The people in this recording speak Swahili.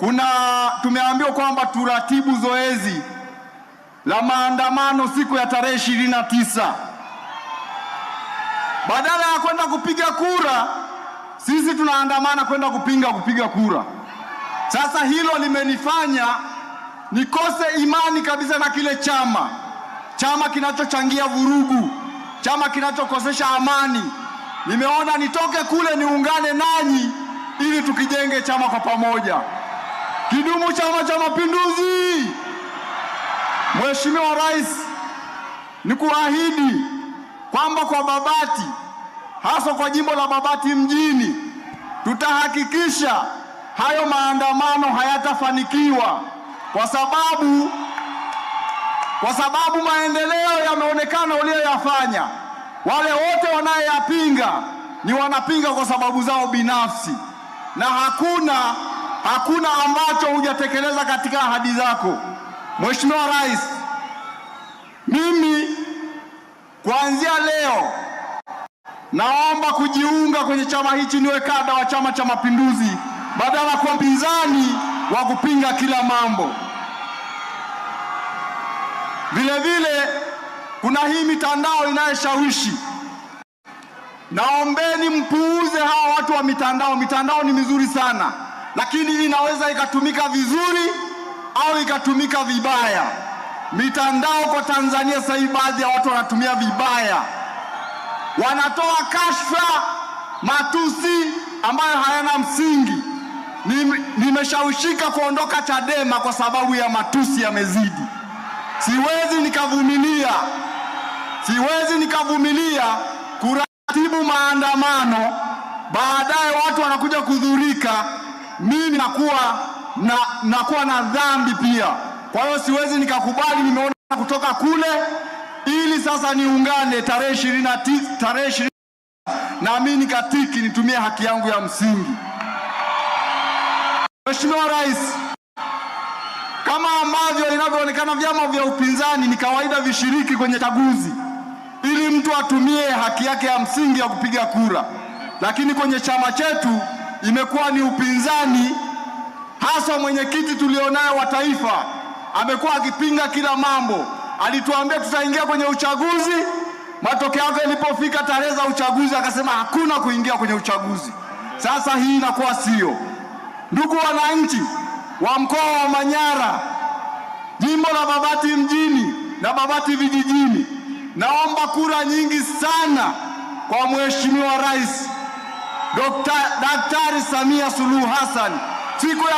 Kuna tumeambiwa kwamba turatibu zoezi la maandamano siku ya tarehe ishirini na tisa. Badala ya kwenda kupiga kura, sisi tunaandamana kwenda kupinga kupiga kura. Sasa hilo limenifanya nikose imani kabisa na kile chama, chama kinachochangia vurugu, chama kinachokosesha amani. Nimeona nitoke kule niungane nanyi ili tukijenge chama kwa pamoja. Kidumu Chama cha Mapinduzi! Mheshimiwa Rais, ni kuahidi kwamba kwa Babati, hasa kwa jimbo la Babati mjini, tutahakikisha hayo maandamano hayatafanikiwa, kwa sababu kwa sababu maendeleo yameonekana uliyoyafanya. Wale wote wanayoyapinga ni wanapinga kwa sababu zao binafsi na hakuna hakuna ambacho hujatekeleza katika ahadi zako. Mheshimiwa Rais, mimi kuanzia leo naomba kujiunga kwenye chama hichi, niwe kada wa Chama cha Mapinduzi badala kwa mpinzani wa kupinga kila mambo. Vile vile kuna hii mitandao inayoshawishi. Naombeni mpuuze hawa watu wa mitandao. Mitandao ni mizuri sana lakini inaweza ikatumika vizuri au ikatumika vibaya. Mitandao kwa Tanzania sasa hivi baadhi ya watu wanatumia vibaya, wanatoa kashfa, matusi ambayo hayana msingi. Nimeshawishika kuondoka Chadema kwa sababu ya matusi yamezidi. Siwezi nikavumilia, siwezi nikavumilia kuratibu maandamano, baadaye watu wanakuja kudhurika mimi nakuwa na, nakuwa na dhambi pia. Kwa hiyo siwezi nikakubali, nimeona kutoka kule, ili sasa niungane tarehe ishirini na tisa tarehe ishirini na mimi nikatiki, nitumie haki yangu ya msingi. Mheshimiwa Rais, kama ambavyo inavyoonekana vyama vya upinzani ni kawaida vishiriki kwenye chaguzi ili mtu atumie haki yake ya msingi ya kupiga kura, lakini kwenye chama chetu imekuwa ni upinzani, hasa mwenyekiti tulionayo wa taifa amekuwa akipinga kila mambo. Alituambia tutaingia kwenye uchaguzi, matokeo yake ilipofika tarehe za uchaguzi akasema hakuna kuingia kwenye uchaguzi. Sasa hii inakuwa sio. Ndugu wananchi wa mkoa wa Manyara, jimbo la Babati mjini na Babati vijijini, naomba kura nyingi sana kwa mheshimiwa rais. Daktari Samia Suluhu Hassan siku ya